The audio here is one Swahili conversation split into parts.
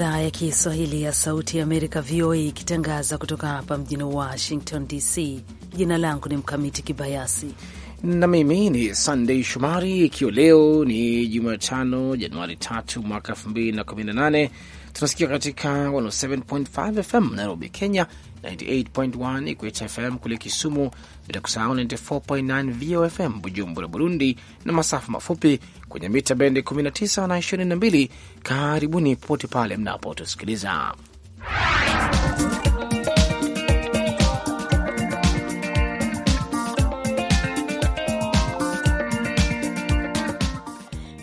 idhaa ya Kiswahili ya Sauti ya Amerika, VOA, ikitangaza kutoka hapa mjini Washington DC. Jina langu ni Mkamiti Kibayasi na mimi ni Sandei Shomari, ikiwa leo ni Jumatano, Januari 3 mwaka 2018 tunasikia katika 107.5 FM Nairobi, Kenya, 98.1 Ikweta FM kule Kisumu, bila kusahau 94.9 VOFM Bujumbura, Burundi, na masafa mafupi kwenye mita bendi 19 na 22. Karibuni popote pale mnapotusikiliza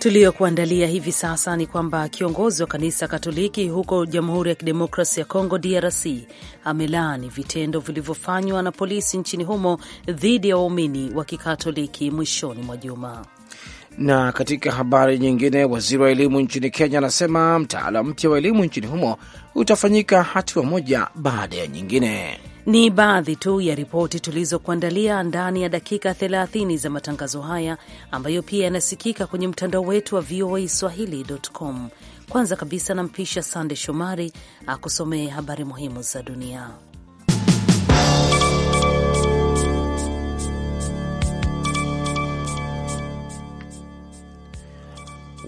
tuliyokuandalia hivi sasa ni kwamba kiongozi wa kanisa Katoliki huko Jamhuri ya Kidemokrasi ya Kongo, DRC, amelaani vitendo vilivyofanywa na polisi nchini humo dhidi ya waumini wa Kikatoliki mwishoni mwa juma. Na katika habari nyingine, waziri wa elimu nchini Kenya anasema mtaala mpya wa elimu nchini humo utafanyika hatua moja baada ya nyingine. Ni baadhi tu ya ripoti tulizokuandalia ndani ya dakika 30 za matangazo haya ambayo pia yanasikika kwenye mtandao wetu wa VOA Swahili.com. Kwanza kabisa nampisha Sande Shomari akusomee habari muhimu za dunia.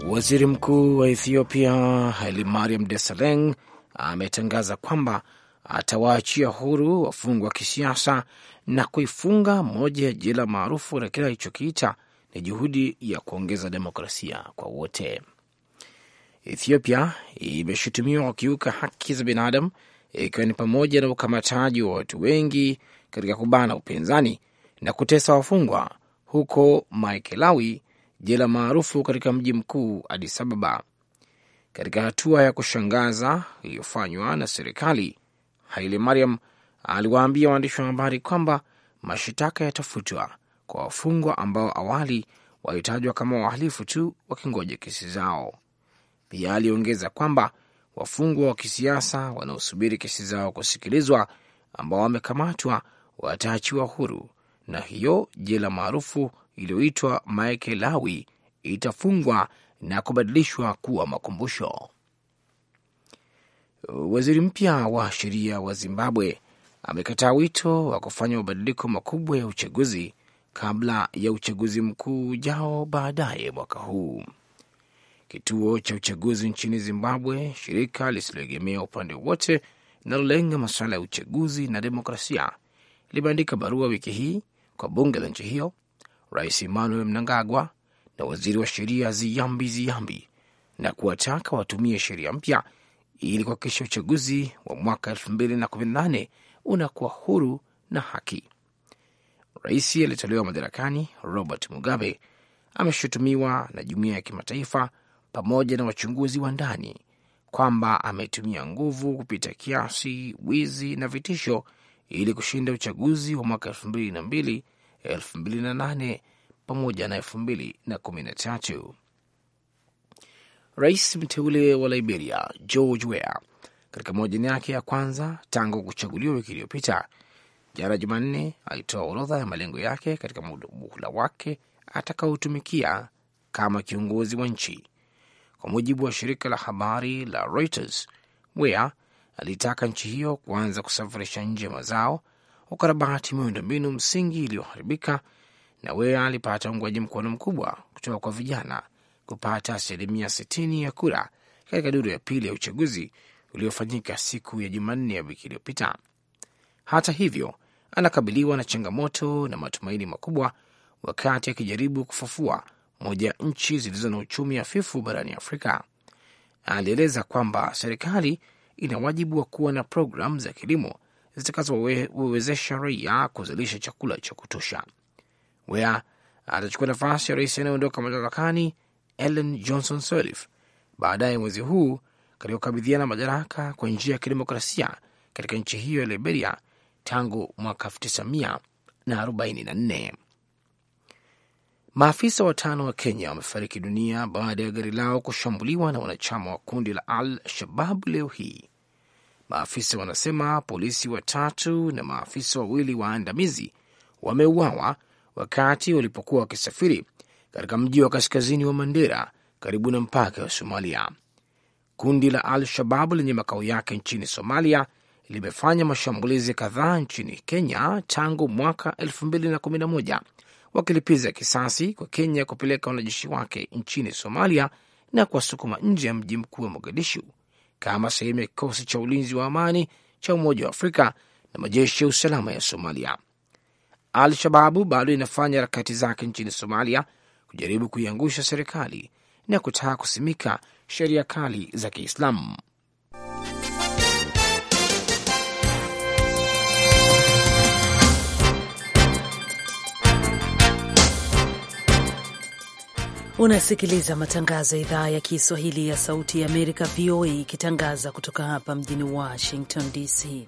Waziri Mkuu wa Ethiopia Hailemariam Desalegn ametangaza kwamba atawaachia huru wafungwa wa kisiasa na kuifunga moja ya jela maarufu na kile alichokiita ni juhudi ya kuongeza demokrasia kwa wote. Ethiopia imeshutumiwa kukiuka haki za binadamu ikiwa ni pamoja na ukamataji wa watu wengi katika kubana upinzani na kutesa wafungwa huko Maekelawi, jela maarufu katika mji mkuu Addis Ababa. Katika hatua ya kushangaza iliyofanywa na serikali, Haile Mariam aliwaambia waandishi wa habari kwamba mashitaka yatafutwa kwa wafungwa ambao awali walitajwa kama wahalifu tu wakingoja kesi zao. Pia aliongeza kwamba wafungwa wa kisiasa wanaosubiri kesi zao kusikilizwa ambao wamekamatwa wataachiwa huru, na hiyo jela maarufu iliyoitwa Maekelawi itafungwa na kubadilishwa kuwa makumbusho waziri mpya wa sheria wa Zimbabwe amekataa wito wa kufanya mabadiliko makubwa ya uchaguzi kabla ya uchaguzi mkuu ujao baadaye mwaka huu. Kituo cha uchaguzi nchini Zimbabwe, shirika lisiloegemea upande wote linalolenga masuala ya uchaguzi na demokrasia, limeandika barua wiki hii kwa bunge la nchi hiyo, Rais Emmanuel Mnangagwa na waziri wa sheria Ziyambi Ziyambi, na kuwataka watumie sheria mpya ili kuhakikisha uchaguzi wa mwaka 2018 unakuwa huru na haki. Rais aliyetolewa madarakani Robert Mugabe ameshutumiwa na jumuiya ya kimataifa pamoja na wachunguzi wa ndani kwamba ametumia nguvu kupita kiasi, wizi na vitisho ili kushinda uchaguzi wa mwaka 2002, 2008 pamoja na 2013 rais mteule wa Liberia George Weah katika mahojiano yake ya kwanza tangu kuchaguliwa wiki iliyopita. Jana Jumanne alitoa orodha ya malengo yake katika muhula wake atakaotumikia kama kiongozi wa nchi. Kwa mujibu wa shirika la habari la Reuters, Weah alitaka nchi hiyo kuanza kusafirisha nje mazao, ukarabati miundombinu msingi iliyoharibika, na Weah alipata uungwaji mkono mkubwa kutoka kwa vijana kupata asilimia 60 ya kura katika duru ya pili ya uchaguzi uliofanyika siku ya Jumanne ya wiki iliyopita. Hata hivyo, anakabiliwa na changamoto na matumaini makubwa wakati akijaribu kufufua moja ya nchi zilizo na uchumi hafifu barani Afrika. Alieleza kwamba serikali ina wajibu wa kuwa na programu za kilimo zitakazowezesha raia kuzalisha chakula cha kutosha. Wea atachukua nafasi ya rais anayeondoka madarakani Ellen Johnson Sirleaf baadaye mwezi huu katika kukabidhiana madaraka kwa njia ya kidemokrasia katika nchi hiyo ya Liberia tangu mwaka 1944. Maafisa watano wa Kenya wamefariki dunia baada ya gari lao kushambuliwa na wanachama wa kundi la Al Shababu leo hii. Maafisa wanasema polisi watatu na maafisa wawili waandamizi wameuawa wakati walipokuwa wakisafiri katika mji wa kaskazini wa Mandera karibu na mpaka wa Somalia. Kundi la al shababu lenye makao yake nchini Somalia limefanya mashambulizi kadhaa nchini Kenya tangu mwaka 2011 wakilipiza kisasi kwa Kenya kupeleka wanajeshi wake nchini Somalia na kuwasukuma nje ya mji mkuu wa Mogadishu kama sehemu ya kikosi cha ulinzi wa amani cha Umoja wa Afrika na majeshi ya usalama ya Somalia. Al-Shababu bado inafanya harakati zake nchini Somalia kujaribu kuiangusha serikali na kutaka kusimika sheria kali za Kiislamu. Unasikiliza matangazo ya idhaa ya Kiswahili ya Sauti ya Amerika, VOA, ikitangaza kutoka hapa mjini Washington DC.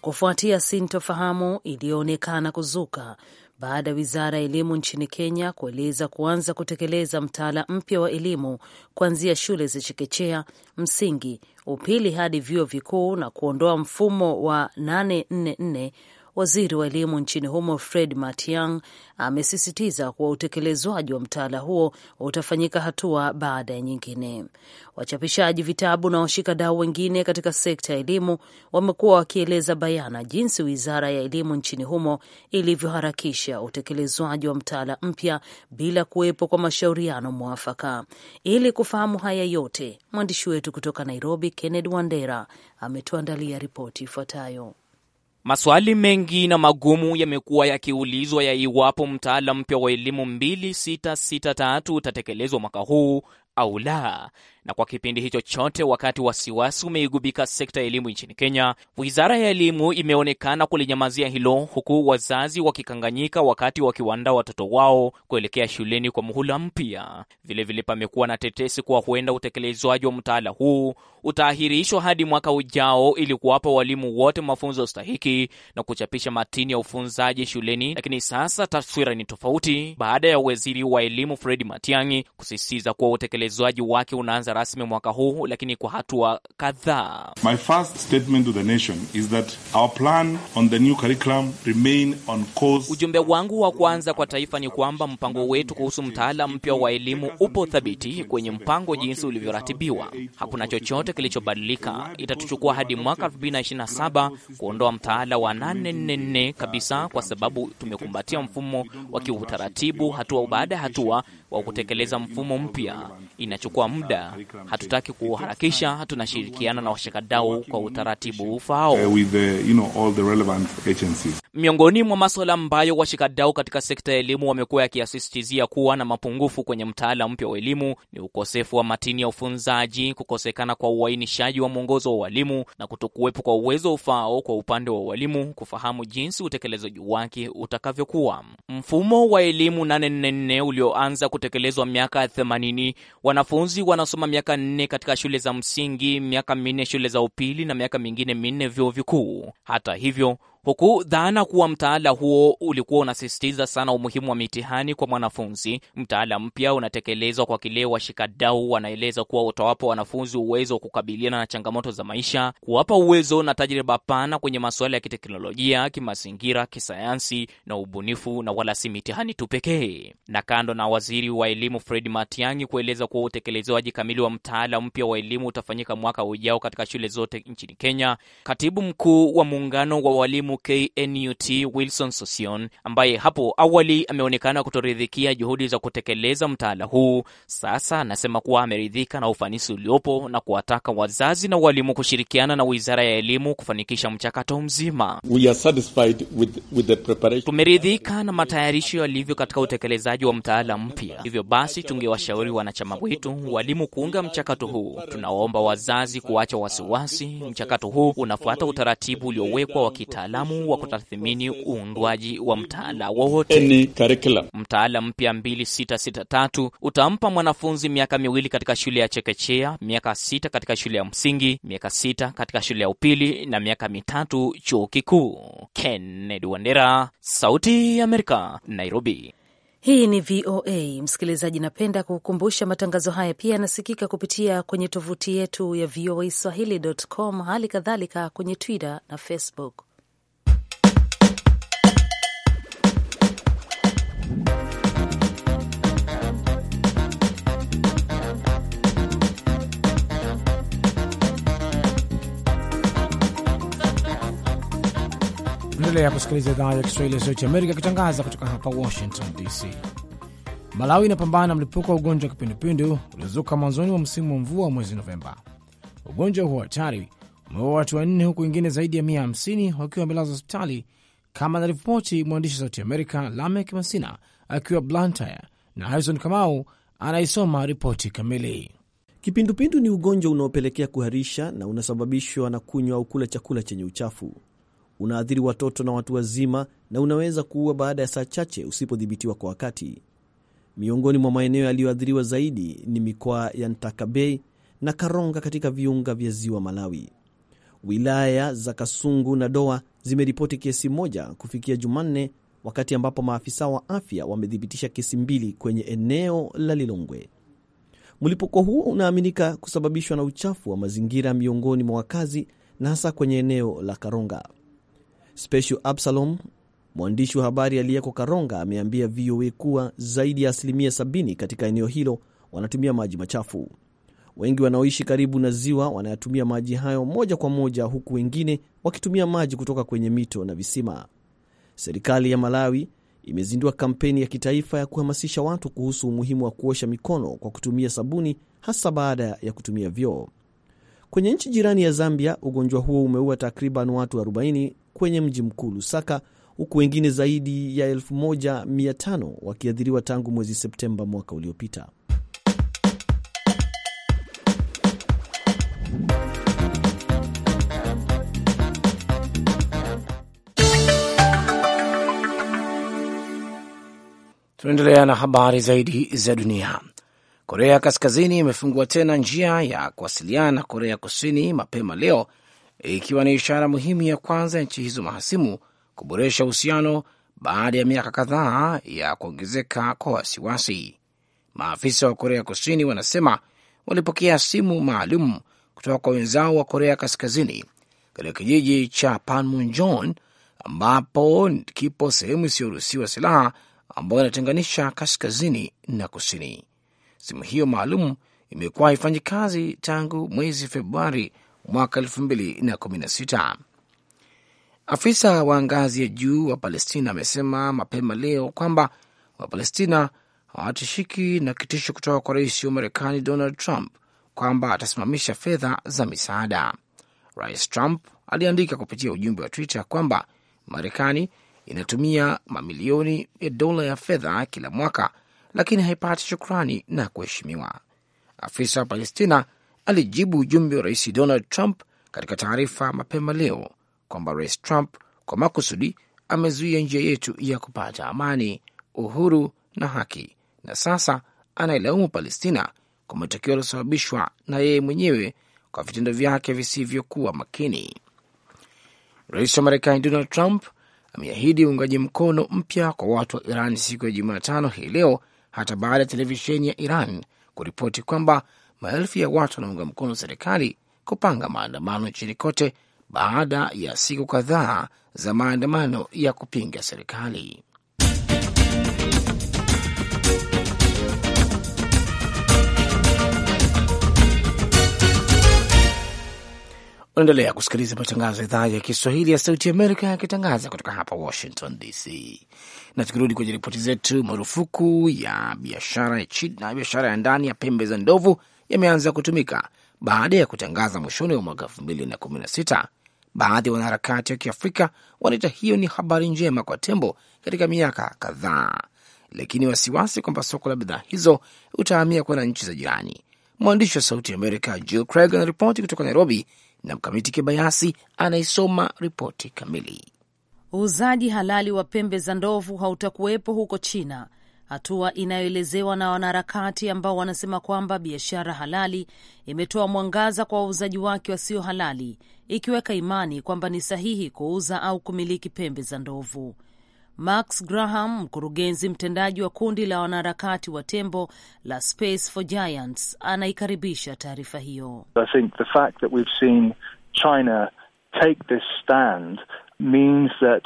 Kufuatia sintofahamu iliyoonekana kuzuka baada ya wizara ya elimu nchini Kenya kueleza kuanza kutekeleza mtaala mpya wa elimu kuanzia shule za chekechea, msingi, upili hadi vyuo vikuu na kuondoa mfumo wa 844 Waziri wa elimu nchini humo Fred matiang amesisitiza kuwa utekelezwaji wa mtaala huo utafanyika hatua baada ya nyingine. Wachapishaji vitabu na washikadau wengine katika sekta ya elimu wamekuwa wakieleza bayana jinsi wizara ya elimu nchini humo ilivyoharakisha utekelezwaji wa mtaala mpya bila kuwepo kwa mashauriano mwafaka. Ili kufahamu haya yote, mwandishi wetu kutoka Nairobi, Kenneth Wandera, ametuandalia ripoti ifuatayo. Maswali mengi na magumu yamekuwa yakiulizwa ya iwapo mtaala mpya wa elimu 2663 utatekelezwa mwaka huu au la, na kwa kipindi hicho chote, wakati wasiwasi umeigubika sekta ya elimu nchini Kenya, wizara ya elimu imeonekana kulinyamazia hilo, huku wazazi wakikanganyika wakati wakiwaandaa watoto wao kuelekea shuleni kwa muhula mpya. Vilevile pamekuwa na tetesi kuwa huenda utekelezwaji wa mtaala huu utaahirishwa hadi mwaka ujao ili kuwapa walimu wote mafunzo stahiki na kuchapisha matini ya ufunzaji shuleni. Lakini sasa taswira ni tofauti baada ya waziri wa elimu Fred Matiang'i kusisitiza kuwa utekelezwaji wake unaanza rasmi mwaka huu, lakini kwa hatua kadhaa. My first statement to the nation is that our plan on the new curriculum remain on course. Ujumbe wangu wa kwanza kwa taifa ni kwamba mpango wetu kuhusu mtaala mpya wa elimu upo thabiti kwenye mpango jinsi ulivyoratibiwa. Hakuna chochote kilichobadilika. Itatuchukua hadi mwaka 2027 kuondoa mtaala wa 844 kabisa, kwa sababu tumekumbatia mfumo wa kiutaratibu hatua baada ya hatua wa kutekeleza mfumo mpya. Inachukua muda, hatutaki kuharakisha. Tunashirikiana na washikadau kwa utaratibu ufao uh, Miongoni mwa masuala ambayo washikadau katika sekta ya elimu wamekuwa yakiasistizia kuwa na mapungufu kwenye mtaala mpya wa elimu ni ukosefu wa matini ya ufunzaji, kukosekana kwa uainishaji wa mwongozo wa walimu na kutokuwepo kwa uwezo ufao kwa upande wa walimu kufahamu jinsi utekelezaji wake utakavyokuwa. Mfumo wa elimu 844 ulioanza kutekelezwa miaka 80. Wanafunzi wanasoma miaka nne katika shule za msingi, miaka minne shule za upili na miaka mingine minne vyuo vikuu. Hata hivyo huku dhana kuwa mtaala huo ulikuwa unasisitiza sana umuhimu wa mitihani kwa mwanafunzi. Mtaala mpya unatekelezwa kwa kile washikadau wanaeleza kuwa utawapa wanafunzi uwezo wa kukabiliana na changamoto za maisha, kuwapa uwezo na tajriba pana kwenye masuala ya kiteknolojia, kimazingira, kisayansi na ubunifu, na wala si mitihani tu pekee. Na kando na waziri wa elimu Fred Matiang'i kueleza kuwa utekelezwaji kamili wa mtaala mpya wa elimu utafanyika mwaka ujao katika shule zote nchini Kenya, katibu mkuu wa muungano wa walimu KNUT Wilson Sosion ambaye hapo awali ameonekana kutoridhikia juhudi za kutekeleza mtaala huu, sasa anasema kuwa ameridhika na ufanisi uliopo na kuwataka wazazi na walimu kushirikiana na Wizara ya Elimu kufanikisha mchakato mzima. We are satisfied with, with the preparation. Tumeridhika na matayarisho yalivyo katika utekelezaji wa mtaala mpya, hivyo basi tungewashauri wanachama wetu walimu kuunga mchakato huu. Tunawaomba wazazi kuacha wasiwasi, mchakato huu unafuata utaratibu uliowekwa wa kitaalamu mtaalamu wa kutathimini uundwaji wa mtaala wowote. Mtaala mpya 2663 utampa mwanafunzi miaka miwili katika shule ya chekechea, miaka sita katika shule ya msingi, miaka sita katika shule ya upili na miaka mitatu chuo kikuu. Kennedy Wandera, Sauti ya Amerika, Nairobi. Hii ni VOA. Msikilizaji, napenda kukukumbusha matangazo haya pia yanasikika kupitia kwenye tovuti yetu ya swahili.com, hali kadhalika kwenye Twitter na Facebook. Unaendelea kusikiliza idhaa ya Kiswahili ya Sauti Amerika ikitangaza kutoka hapa Washington DC. Malawi inapambana na mlipuko wa ugonjwa wa kipindupindu uliozuka mwanzoni mwa msimu wa mvua wa mwezi Novemba. Ugonjwa huo hatari umeua watu wanne, huku wengine zaidi ya mia hamsini wakiwa wamelazwa hospitali, kama anaripoti mwandishi wa Sauti Amerika Lamek Masina akiwa Blantyre, na Harison Kamau anaisoma ripoti kamili. Kipindupindu ni ugonjwa unaopelekea kuharisha na unasababishwa na kunywa au kula chakula chenye uchafu unaathiri watoto na watu wazima na unaweza kuua baada ya saa chache usipodhibitiwa kwa wakati. Miongoni mwa maeneo yaliyoathiriwa zaidi ni mikoa ya Ntakabei na Karonga katika viunga vya ziwa Malawi. Wilaya za Kasungu na Doa zimeripoti kesi moja kufikia Jumanne, wakati ambapo maafisa wa afya wamethibitisha kesi mbili kwenye eneo la Lilongwe. Mlipuko huo unaaminika kusababishwa na uchafu wa mazingira miongoni mwa wakazi na hasa kwenye eneo la Karonga. Special Absalom, mwandishi wa habari aliyeko Karonga, ameambia VOA kuwa zaidi ya asilimia sabini katika eneo hilo wanatumia maji machafu. Wengi wanaoishi karibu na ziwa wanayatumia maji hayo moja kwa moja, huku wengine wakitumia maji kutoka kwenye mito na visima. Serikali ya Malawi imezindua kampeni ya kitaifa ya kuhamasisha watu kuhusu umuhimu wa kuosha mikono kwa kutumia sabuni, hasa baada ya kutumia vyoo. Kwenye nchi jirani ya Zambia, ugonjwa huo umeua takriban watu 40 kwenye mji mkuu Lusaka, huku wengine zaidi ya 1500 wakiathiriwa tangu mwezi Septemba mwaka uliopita. Tunaendelea na habari zaidi za dunia. Korea Kaskazini imefungua tena njia ya kuwasiliana na Korea Kusini mapema leo ikiwa ni ishara muhimu ya kwanza ya nchi hizo mahasimu kuboresha uhusiano baada ya miaka kadhaa ya kuongezeka kwa wasiwasi. Maafisa wa Korea Kusini wanasema walipokea simu maalum kutoka kwa wenzao wa Korea Kaskazini katika kijiji cha Panmunjom ambapo kipo sehemu isiyoruhusiwa silaha ambayo inatenganisha kaskazini na kusini. Simu hiyo maalum imekuwa haifanyi kazi tangu mwezi Februari mwaka 2016. Afisa wa ngazi ya juu wa Palestina amesema mapema leo kwamba Wapalestina hawatishiki na kitisho kutoka kwa rais wa Marekani Donald Trump kwamba atasimamisha fedha za misaada. Rais Trump aliandika kupitia ujumbe wa Twitter kwamba Marekani inatumia mamilioni ya dola ya fedha kila mwaka, lakini haipati shukrani na kuheshimiwa. Afisa wa Palestina alijibu ujumbe wa rais Donald Trump katika taarifa mapema leo kwamba rais Trump kwa makusudi amezuia njia yetu ya kupata amani, uhuru na haki, na sasa anayelaumu Palestina kwa matokeo yaliyosababishwa na yeye mwenyewe kwa vitendo vyake visivyokuwa makini. Rais wa Marekani Donald Trump ameahidi uungaji mkono mpya kwa watu wa Iran siku ya Jumatano hii leo, hata baada ya televisheni ya Iran kuripoti kwamba maelfu ya watu wanaunga mkono serikali kupanga maandamano nchini kote baada ya siku kadhaa za maandamano ya kupinga serikali. Unaendelea kusikiliza matangazo ya idhaa ya Kiswahili ya Sauti Amerika yakitangaza kutoka hapa Washington DC. Na tukirudi kwenye ripoti zetu, marufuku ya biashara ya China, biashara ya ndani ya pembe za ndovu yameanza kutumika baada ya kutangaza mwishoni wa mwaka sita. Baadhi ya wanaharakati wa Kiafrika wanaita hiyo ni habari njema kwa tembo katika miaka kadhaa, lakini wasiwasi kwamba soko la bidhaa hizo utahamia kwenda nchi za jirani. Mwandishi wa Sauti ya Amerika Jill Craig anaripoti kutoka Nairobi na Mkamiti Kibayasi anaisoma ripoti kamili. Uuzaji halali wa pembe za ndovu hautakuwepo huko China hatua inayoelezewa na wanaharakati ambao wanasema kwamba biashara halali imetoa mwangaza kwa wauzaji wake wasio halali, ikiweka imani kwamba ni sahihi kuuza au kumiliki pembe za ndovu. Max Graham, mkurugenzi mtendaji wa kundi la wanaharakati wa tembo la Space for Giants, anaikaribisha taarifa hiyo. I think the fact that we've seen China take this stand means that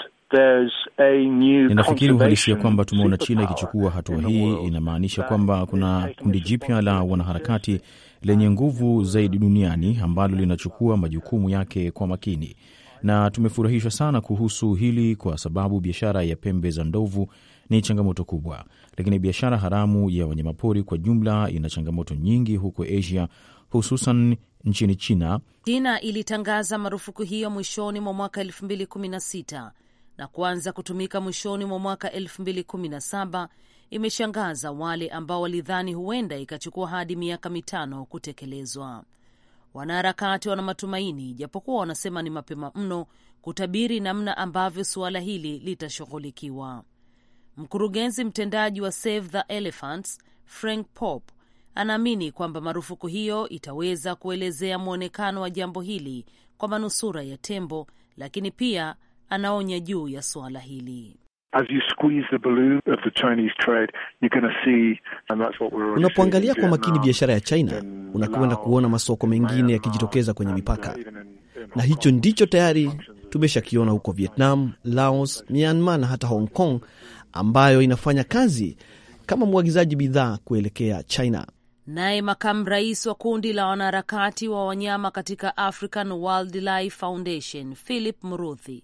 Ninafikiri uhalisia kwamba tumeona China ikichukua hatua hii inamaanisha kwamba kuna kundi jipya la wanaharakati lenye nguvu zaidi duniani ambalo linachukua majukumu yake kwa makini, na tumefurahishwa sana kuhusu hili kwa sababu biashara ya pembe za ndovu ni changamoto kubwa, lakini biashara haramu ya wanyamapori kwa jumla ina changamoto nyingi huko Asia, hususan nchini China. China ilitangaza marufuku hiyo mwishoni mwa mwaka 2016 na kuanza kutumika mwishoni mwa mwaka 2017 imeshangaza wale ambao walidhani huenda ikachukua hadi miaka mitano kutekelezwa. Wanaharakati wana matumaini, japokuwa wanasema ni mapema mno kutabiri namna ambavyo suala hili litashughulikiwa. Mkurugenzi mtendaji wa Save the Elephants Frank Pop anaamini kwamba marufuku hiyo itaweza kuelezea mwonekano wa jambo hili kwa manusura ya tembo, lakini pia anaonya juu ya suala hili. Unapoangalia kwa makini biashara ya China, unakwenda kuona masoko mengine yakijitokeza kwenye mipaka, na hicho ndicho tayari tumeshakiona huko Vietnam, Laos, Myanmar na hata Hong Kong ambayo inafanya kazi kama mwagizaji bidhaa kuelekea China. Naye makamu rais wa kundi la wanaharakati wa wanyama katika African Wildlife Foundation Philip Mruthi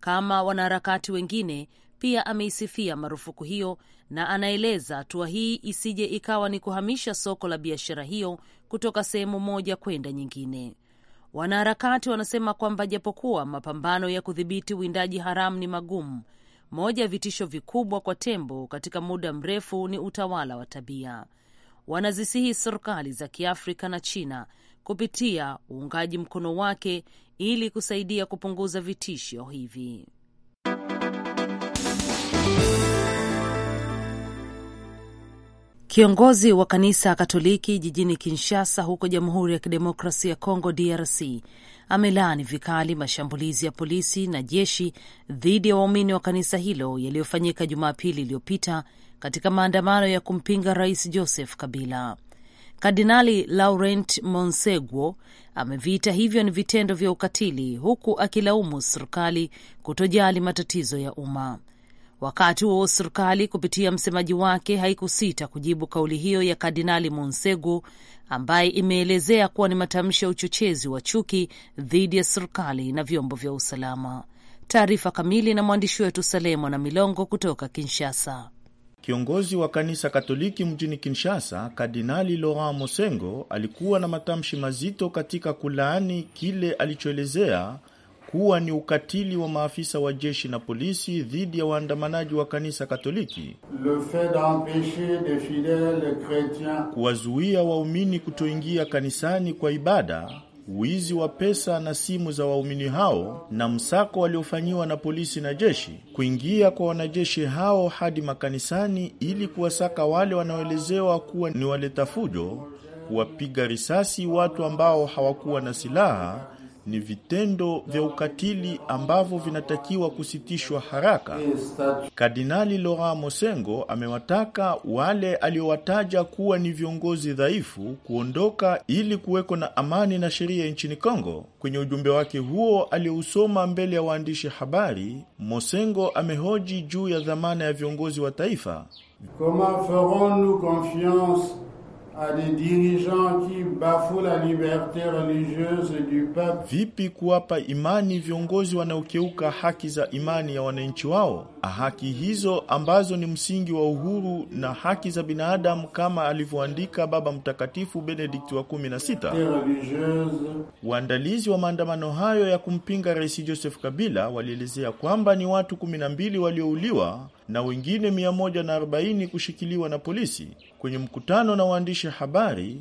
kama wanaharakati wengine pia ameisifia marufuku hiyo na anaeleza hatua hii isije ikawa ni kuhamisha soko la biashara hiyo kutoka sehemu moja kwenda nyingine. Wanaharakati wanasema kwamba japokuwa mapambano ya kudhibiti uwindaji haramu ni magumu, moja ya vitisho vikubwa kwa tembo katika muda mrefu ni utawala wa tabia. Wanazisihi serikali za Kiafrika na China kupitia uungaji mkono wake ili kusaidia kupunguza vitisho hivi. Kiongozi wa kanisa Katoliki jijini Kinshasa huko Jamhuri ya Kidemokrasia ya Kongo DRC amelaani vikali mashambulizi ya polisi na jeshi dhidi ya waumini wa kanisa hilo yaliyofanyika Jumapili iliyopita katika maandamano ya kumpinga Rais Joseph Kabila. Kardinali Laurent Monseguo ameviita hivyo ni vitendo vya ukatili, huku akilaumu serikali kutojali matatizo ya umma. Wakati huo serikali kupitia msemaji wake haikusita kujibu kauli hiyo ya Kardinali Monsegu ambaye imeelezea kuwa ni matamshi ya uchochezi wa chuki dhidi ya serikali na vyombo vya usalama. Taarifa kamili na mwandishi wetu Salemo na Milongo kutoka Kinshasa. Kiongozi wa kanisa Katoliki mjini Kinshasa, Kardinali Laurent Mosengo alikuwa na matamshi mazito katika kulaani kile alichoelezea kuwa ni ukatili wa maafisa wa jeshi na polisi dhidi ya waandamanaji wa kanisa Katoliki, kuwazuia waumini kutoingia kanisani kwa ibada wizi wa pesa na simu za waumini hao na msako waliofanyiwa na polisi na jeshi, kuingia kwa wanajeshi hao hadi makanisani ili kuwasaka wale wanaoelezewa kuwa ni waleta fujo, kuwapiga risasi watu ambao hawakuwa na silaha ni vitendo vya ukatili ambavyo vinatakiwa kusitishwa haraka. Kardinali Laurent Mosengo amewataka wale aliowataja kuwa ni viongozi dhaifu kuondoka ili kuweko na amani na sheria nchini Kongo. Kwenye ujumbe wake huo aliousoma mbele ya waandishi habari, Mosengo amehoji juu ya dhamana ya viongozi wa taifa. Comment ferons-nous confiance à des dirigeants qui bafouent la liberté religieuse du peuple. Vipi kuwapa imani viongozi wanaokeuka haki za imani ya wananchi wao? Ah, haki hizo ambazo ni msingi wa uhuru na haki za binadamu kama alivyoandika Baba Mtakatifu benedikti wa 16. Waandalizi wa maandamano hayo ya kumpinga Rais Joseph Kabila walielezea kwamba ni watu 12 waliouliwa na wengine 140 kushikiliwa na polisi. Kwenye mkutano na waandishi habari,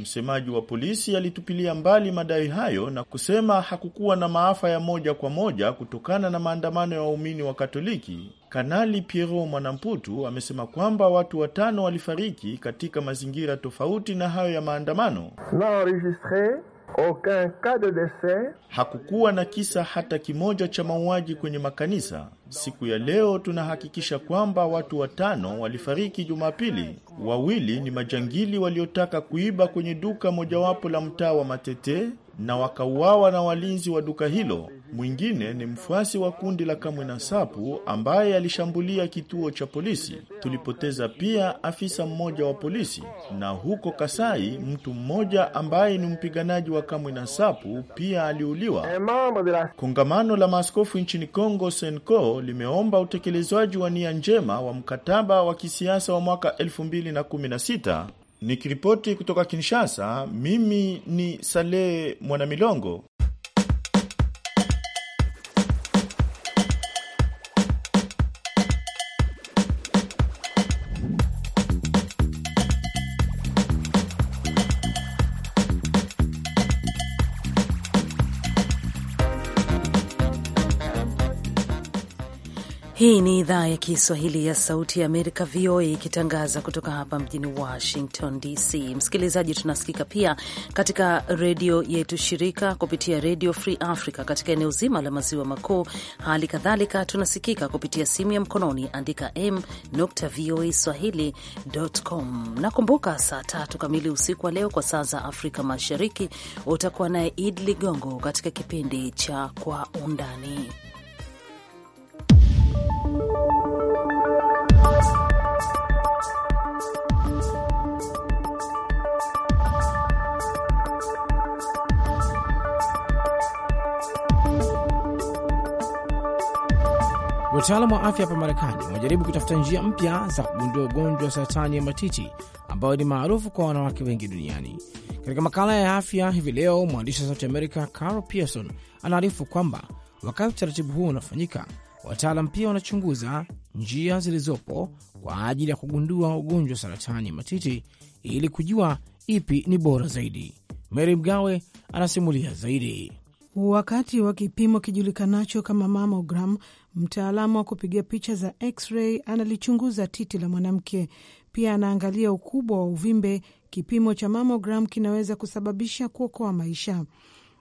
msemaji wa polisi alitupilia mbali madai hayo na kusema hakukuwa na maafa ya moja kwa moja kutokana na maandamano ya waumini wa Katoliki. Kanali Piero Mwanamputu amesema kwamba watu watano walifariki katika mazingira tofauti na hayo ya maandamano. Hakukuwa na kisa hata kimoja cha mauaji kwenye makanisa. Siku ya leo tunahakikisha kwamba watu watano walifariki Jumapili. Wawili ni majangili waliotaka kuiba kwenye duka mojawapo la mtaa wa Matete na wakauawa na walinzi wa duka hilo. Mwingine ni mfuasi wa kundi la na Sapu ambaye alishambulia kituo cha polisi. Tulipoteza pia afisa mmoja wa polisi, na huko Kasai mtu mmoja ambaye ni mpiganaji wa na Sapu pia aliuliwa. Eh, Kongamano la maaskofu nchini Kongo Senko limeomba utekelezwaji wa nia njema wa mkataba wa kisiasa wa mwaka 2016 Nikiripoti kutoka Kinshasa, mimi ni Sale Mwanamilongo. Hii ni idhaa ya Kiswahili ya Sauti ya Amerika, VOA, ikitangaza kutoka hapa mjini Washington DC. Msikilizaji, tunasikika pia katika redio yetu shirika kupitia Redio Free Africa katika eneo zima la maziwa makuu. Hali kadhalika tunasikika kupitia simu ya mkononi, andika m.voaswahili.com. Nakumbuka saa tatu kamili usiku wa leo kwa saa za Afrika Mashariki utakuwa naye Id Ligongo katika kipindi cha Kwa Undani. Wataalamu wa afya hapa Marekani wamejaribu kutafuta njia mpya za kugundua ugonjwa wa saratani ya matiti ambayo ni maarufu kwa wanawake wengi duniani. Katika makala ya afya hivi leo, mwandishi wa Sauti Amerika Carol Pearson anaarifu kwamba wakati utaratibu huo unafanyika, Wataalam pia wanachunguza njia zilizopo kwa ajili ya kugundua ugonjwa wa saratani ya matiti ili kujua ipi ni bora zaidi. Mary Mgawe anasimulia zaidi. Wakati wa kipimo kijulikanacho kama mamogram, mtaalamu wa kupiga picha za x-ray analichunguza titi la mwanamke. Pia anaangalia ukubwa wa uvimbe. Kipimo cha mamogram kinaweza kusababisha kuokoa maisha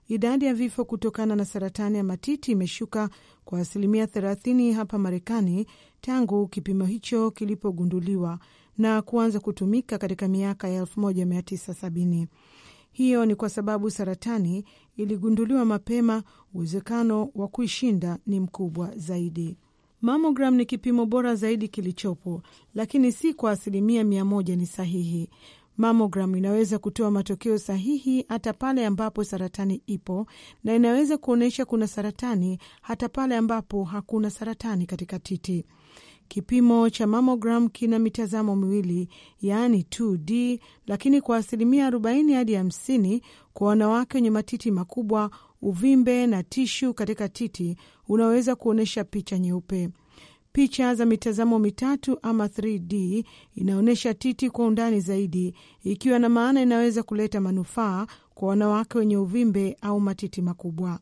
idadi ya vifo kutokana na saratani ya matiti imeshuka kwa asilimia 30 hapa Marekani tangu kipimo hicho kilipogunduliwa na kuanza kutumika katika miaka ya 1970. Hiyo ni kwa sababu saratani iligunduliwa mapema, uwezekano wa kuishinda ni mkubwa zaidi. Mamogram ni kipimo bora zaidi kilichopo, lakini si kwa asilimia mia moja ni sahihi. Mamogram inaweza kutoa matokeo sahihi hata pale ambapo saratani ipo na inaweza kuonyesha kuna saratani hata pale ambapo hakuna saratani katika titi. Kipimo cha mamogram kina mitazamo miwili, yaani 2D, lakini kwa asilimia 40 hadi 50 kwa wanawake wenye matiti makubwa, uvimbe na tishu katika titi unaweza kuonyesha picha nyeupe. Picha za mitazamo mitatu ama 3D inaonyesha titi kwa undani zaidi, ikiwa na maana inaweza kuleta manufaa kwa wanawake wenye uvimbe au matiti makubwa.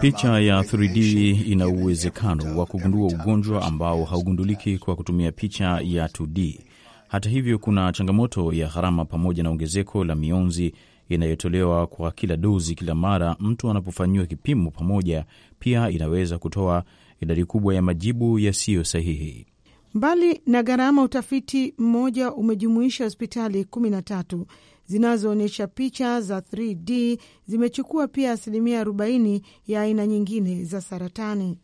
Picha ya 3D ina uwezekano wa kugundua ugonjwa ambao haugunduliki kwa kutumia picha ya 2D. Hata hivyo, kuna changamoto ya gharama pamoja na ongezeko la mionzi inayotolewa kwa kila dozi kila mara mtu anapofanyiwa kipimo, pamoja pia inaweza kutoa idadi kubwa ya majibu yasiyo sahihi. Mbali na gharama, utafiti mmoja umejumuisha hospitali kumi na tatu zinazoonyesha picha za 3D zimechukua pia asilimia 40 ya aina nyingine za saratani.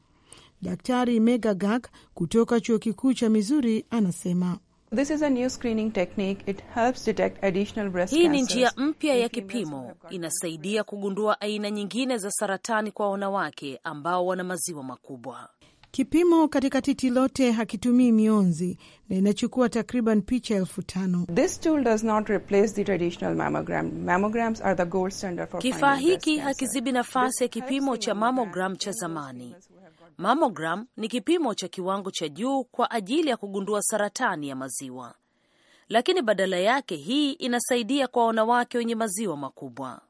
Daktari Megagak kutoka chuo kikuu cha Mizuri anasema This is a new screening technique. It helps detect additional breast cancers. Hii ni njia mpya ya kipimo, inasaidia kugundua aina nyingine za saratani kwa wanawake ambao wana maziwa makubwa. Kipimo katika titi lote hakitumii mionzi na inachukua takriban picha elfu tano. Kifaa hiki hakizibi nafasi ya kipimo cha mammogram cha zamani. Mammogram ni kipimo cha kiwango cha juu kwa ajili ya kugundua saratani ya maziwa, lakini badala yake hii inasaidia kwa wanawake wenye maziwa makubwa.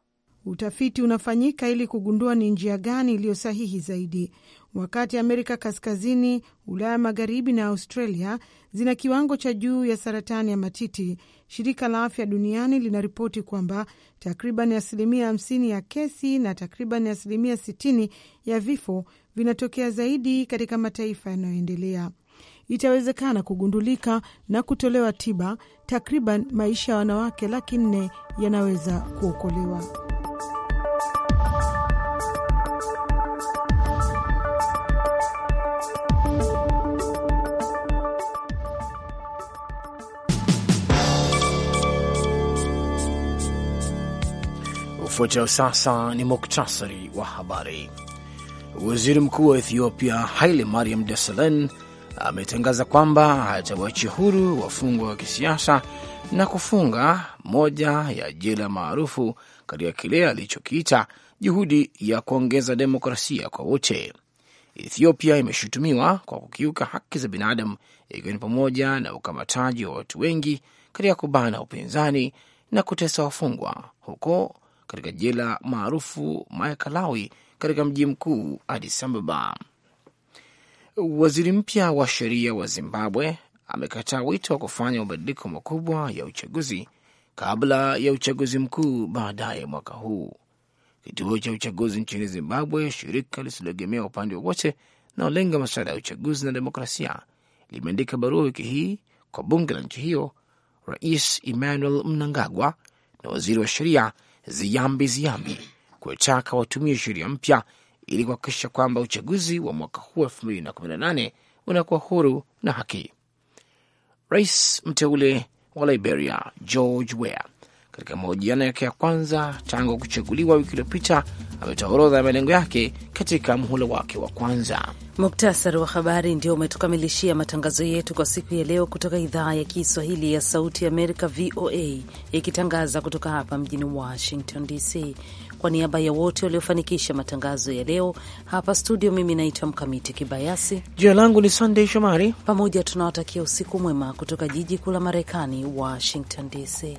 Utafiti unafanyika ili kugundua ni njia gani iliyo sahihi zaidi. Wakati Amerika Kaskazini, Ulaya Magharibi na Australia zina kiwango cha juu ya saratani ya matiti, shirika la afya duniani linaripoti kwamba takriban asilimia 50 ya kesi na takriban asilimia 60 ya vifo vinatokea zaidi katika mataifa yanayoendelea. Itawezekana kugundulika na kutolewa tiba, takriban maisha ya wanawake laki nne yanaweza kuokolewa. Ufuatao sasa ni muktasari wa habari. Waziri mkuu wa Ethiopia Haile Mariam Desalegn ametangaza kwamba atawachia huru wafungwa wa kisiasa na kufunga moja ya jela maarufu katika kile alichokiita juhudi ya kuongeza demokrasia kwa wote. Ethiopia imeshutumiwa kwa kukiuka haki za binadamu, ikiwa ni pamoja na ukamataji wa watu wengi katika kubana upinzani na kutesa wafungwa huko katika jela maarufu Maekelawi katika mji mkuu Addis Ababa. Waziri mpya wa sheria wa Zimbabwe amekataa wito wa kufanya mabadiliko makubwa ya uchaguzi kabla ya uchaguzi mkuu baadaye mwaka huu. Kituo cha uchaguzi nchini Zimbabwe, shirika lisiloegemea upande wowote naolenga masuala ya uchaguzi na demokrasia, limeandika barua wiki hii kwa bunge la nchi hiyo, Rais Emmanuel Mnangagwa na waziri wa sheria Ziyambi Ziyambi kuwataka watumie sheria mpya ili kuhakikisha kwamba uchaguzi wa mwaka huu elfu mbili na na kumi nane unakuwa huru na haki. Rais mteule wa Liberia George Weah katika mahojiano yake ya kwanza tangu kuchaguliwa wiki iliyopita ametoa orodha ya malengo yake katika mhula wake wa kwanza. Muktasari wa habari ndio umetukamilishia matangazo yetu kwa siku ya leo kutoka idhaa ya Kiswahili ya Sauti ya Amerika, VOA, ikitangaza kutoka hapa mjini Washington DC. Kwa niaba ya wote waliofanikisha matangazo ya leo hapa studio, mimi naitwa Mkamiti Kibayasi. Jina langu ni Sandey Shomari. Pamoja tunawatakia usiku mwema kutoka jiji kuu la Marekani, Washington DC.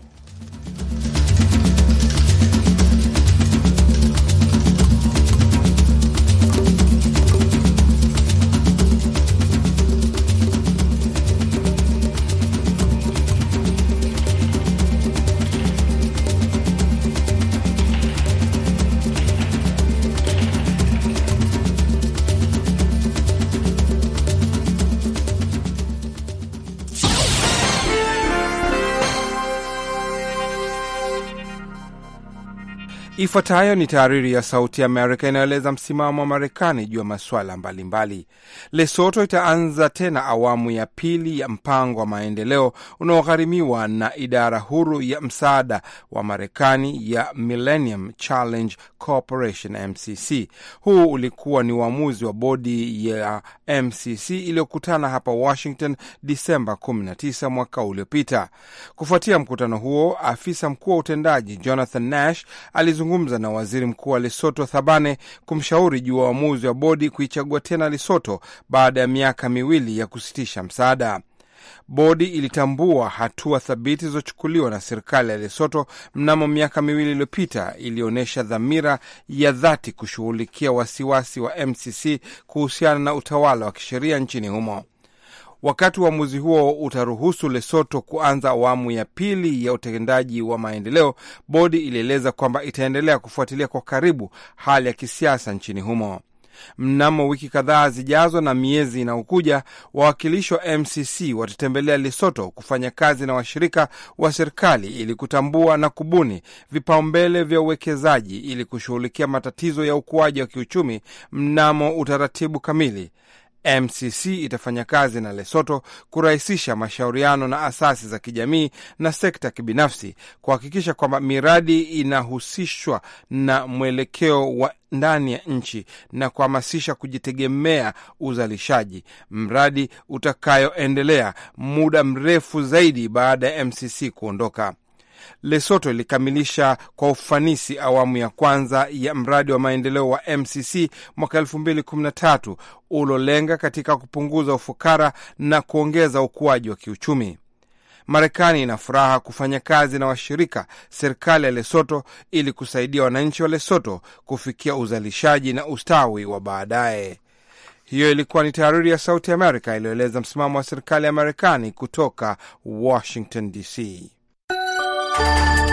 Ifuatayo ni taariri ya Sauti ya Amerika inayoeleza msimamo wa Marekani juu ya masuala mbalimbali. Lesoto itaanza tena awamu ya pili ya mpango wa maendeleo unaogharimiwa na idara huru ya msaada wa Marekani ya Millennium Challenge Corporation, MCC. Huu ulikuwa ni uamuzi wa bodi ya MCC iliyokutana hapa Washington Disemba 19 mwaka uliopita. Kufuatia mkutano huo, afisa mkuu wa utendaji Jonathan Nash alizungumza amezungumza na waziri mkuu wa Lesoto Thabane kumshauri juu ya uamuzi wa bodi kuichagua tena Lesoto baada ya miaka miwili ya kusitisha msaada. Bodi ilitambua hatua thabiti zilizochukuliwa na serikali ya Lesoto mnamo miaka miwili iliyopita, ilionyesha dhamira ya dhati kushughulikia wasiwasi wa MCC kuhusiana na utawala wa kisheria nchini humo. Wakati uamuzi huo utaruhusu Lesoto kuanza awamu ya pili ya utendaji wa maendeleo, bodi ilieleza kwamba itaendelea kufuatilia kwa karibu hali ya kisiasa nchini humo. Mnamo wiki kadhaa zijazo na miezi inayokuja, wawakilishi wa MCC watatembelea Lesoto kufanya kazi na washirika wa serikali ili kutambua na kubuni vipaumbele vya uwekezaji ili kushughulikia matatizo ya ukuaji wa kiuchumi mnamo utaratibu kamili MCC itafanya kazi na Lesoto kurahisisha mashauriano na asasi za kijamii na sekta ya kibinafsi kuhakikisha kwamba miradi inahusishwa na mwelekeo wa ndani ya nchi na kuhamasisha kujitegemea uzalishaji, mradi utakayoendelea muda mrefu zaidi baada ya MCC kuondoka. Lesoto ilikamilisha kwa ufanisi awamu ya kwanza ya mradi wa maendeleo wa MCC mwaka tatu ulolenga katika kupunguza ufukara na kuongeza ukuaji wa kiuchumi. Marekani ina furaha kufanya kazi na washirika serikali ya Lesoto ili kusaidia wananchi wa Lesoto kufikia uzalishaji na ustawi wa baadaye. Hiyo ilikuwa ni tahariri ya Sauti Amerika iliyoeleza msimamo wa serikali ya Marekani. Kutoka Washington DC. Música